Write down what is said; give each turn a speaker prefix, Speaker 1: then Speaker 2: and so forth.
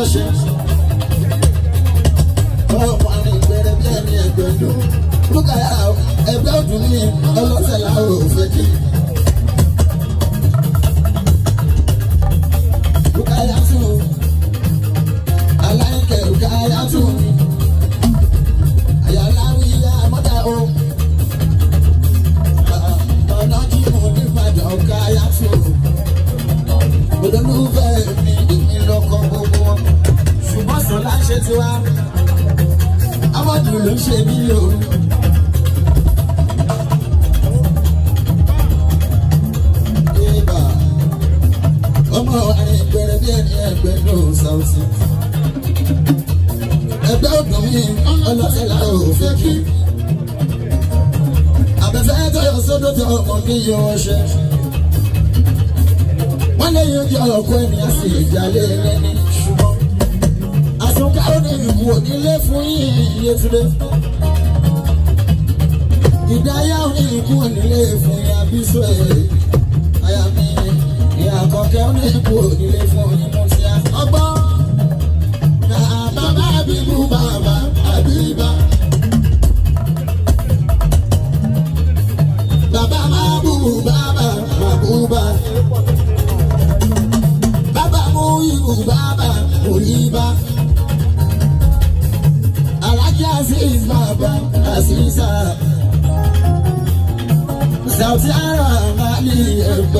Speaker 1: mọ́ṣẹ́. ọ̀pọ̀ àmì ìgbẹ́rẹ́ bí ẹni ẹgbẹ́ dùn. lókà yàrá ẹgbẹ́ òdùn ní ọlọ́sẹ̀ láwọn òfin kì í. tiwa amadu ló ń ṣe mí o. ọmọ àìgbẹ̀rẹ̀ bí ẹni ẹgbẹ́ ló ń sáwùsì. ẹgbẹ́ ògùn mi ọlọ́sẹ̀lá ò fẹ́ kí. àbẹ̀fẹ́ tó yọ sódò tó ọmọ mi yọ ọṣẹ. wọ́n lè yọjú ọkọ ẹni a sì jalè lẹ́ni káwọ́dé ìbò nílé fún yìí Yétúndé. ìdáyà ní ìbò nílé fún yà bísọ ẹ̀ àyàmí ìyá àkọ́kẹ́ ìbò nílé fún yìí mú sí ọgbọ́n. àti ara máa ní ẹgbẹ́.